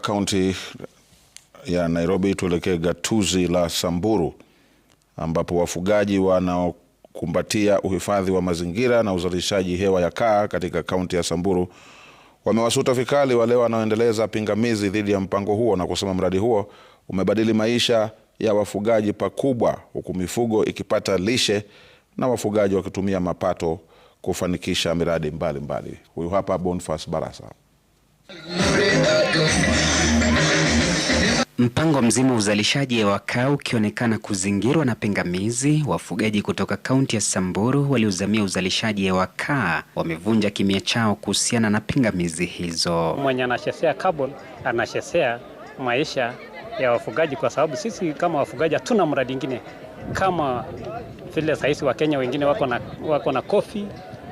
Kaunti ya Nairobi tuelekee gatuzi la Samburu ambapo wafugaji wanaokumbatia uhifadhi wa mazingira na uzalishaji hewa ya kaa katika kaunti ya Samburu wamewasuta vikali wale wanaoendeleza pingamizi dhidi ya mpango huo na kusema mradi huo umebadili maisha ya wafugaji pakubwa, huku mifugo ikipata lishe na wafugaji wakitumia mapato kufanikisha miradi mbalimbali. Huyu hapa Bonface Barasa. Mpango mzima wa uzalishaji wa kaa ukionekana kuzingirwa na pingamizi, wafugaji kutoka kaunti ya Samburu waliozamia uzalishaji wa kaa wamevunja kimya chao kuhusiana na pingamizi hizo. Mwenye anachezea carbon anachezea maisha ya wafugaji, kwa sababu sisi kama wafugaji hatuna mradi ingine kama vile wa kenya wengine wako na, wako na kofi,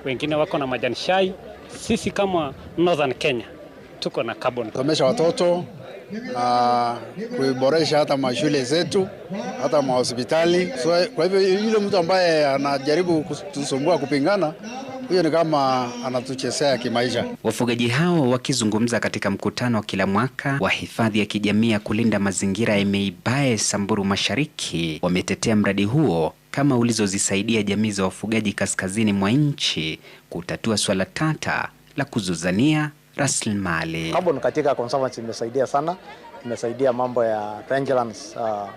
wengine wako na majani chai. Sisi kama Northern Kenya tuko na carbon. Tumesha watoto na kuiboresha hata mashule zetu hata mahospitali. So, kwa hivyo yule mtu ambaye anajaribu kutusumbua kupingana huyo ni kama anatuchezea kimaisha. Wafugaji hao wakizungumza katika mkutano wa kila mwaka wa hifadhi ya kijamii ya kulinda mazingira ya Meibae, Samburu Mashariki, wametetea mradi huo kama ulizozisaidia jamii za wafugaji kaskazini mwa nchi kutatua swala tata la kuzuzania rasilimali. Carbon katika conservancy imesaidia sana, imesaidia mambo ya rangelands uh,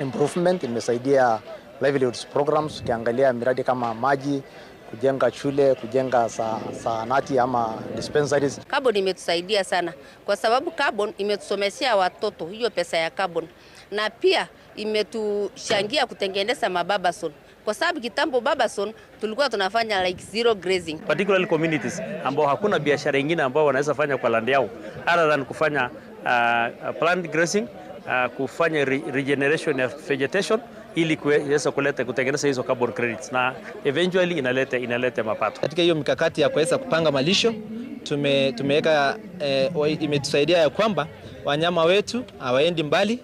improvement, imesaidia livelihoods programs. Ukiangalia miradi kama maji, kujenga shule, kujenga zahanati sa, ama dispensaries. Carbon imetusaidia sana kwa sababu carbon imetusomeshea watoto hiyo pesa ya carbon na pia imetushangia kutengeneza mababason kwa sababu kitambo Babason tulikuwa tunafanya like zero grazing, particularly communities ambao hakuna biashara nyingine ambao wanaweza fanya kwa land yao other than kufanya uh, uh plant grazing uh, kufanya re regeneration ya vegetation ili kuweza kuleta kutengeneza hizo carbon credits na eventually inaleta inaleta mapato. Katika hiyo mikakati ya kuweza kupanga malisho tume, tumeweka eh, imetusaidia ya kwamba wanyama wetu hawaendi mbali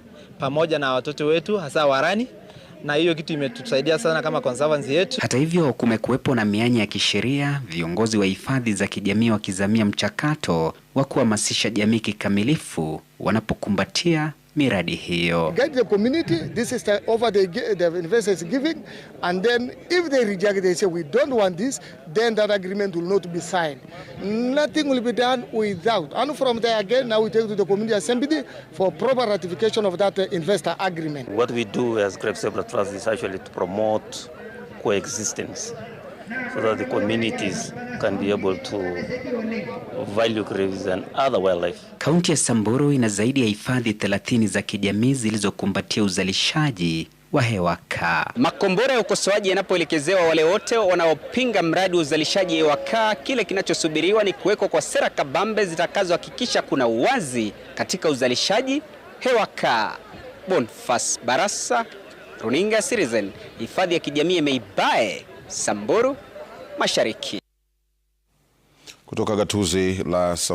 pamoja na watoto wetu hasa Warani na hiyo kitu imetusaidia sana kama conservancy yetu. Hata hivyo, kumekuwepo na mianya ya kisheria, viongozi wa hifadhi za kijamii wakizamia mchakato wa kuhamasisha jamii kikamilifu wanapokumbatia miradi hiyo. Guide the community, this is the offer they give, the investors giving, and then if they reject, they say we don't want this, then that agreement will not be signed. Nothing will be done without. And from there again, now we take to the community assembly for proper ratification of that uh, investor agreement. What we do as Grape Zebra Trust is actually to promote coexistence so that the communities can be able to value graves and other wildlife. Kaunti ya Samburu ina zaidi ya hifadhi 30 za kijamii zilizokumbatia uzalishaji wa hewa kaa. Makombora ya ukosoaji yanapoelekezewa wale wote wanaopinga mradi wa uzalishaji hewa kaa, kile kinachosubiriwa ni kuwekwa kwa sera kabambe zitakazohakikisha kuna uwazi katika uzalishaji hewa kaa. Bonfas Barasa, Runinga Citizen, hifadhi ya kijamii Meibae, Samburu Mashariki kutoka gatuzi la Sambu.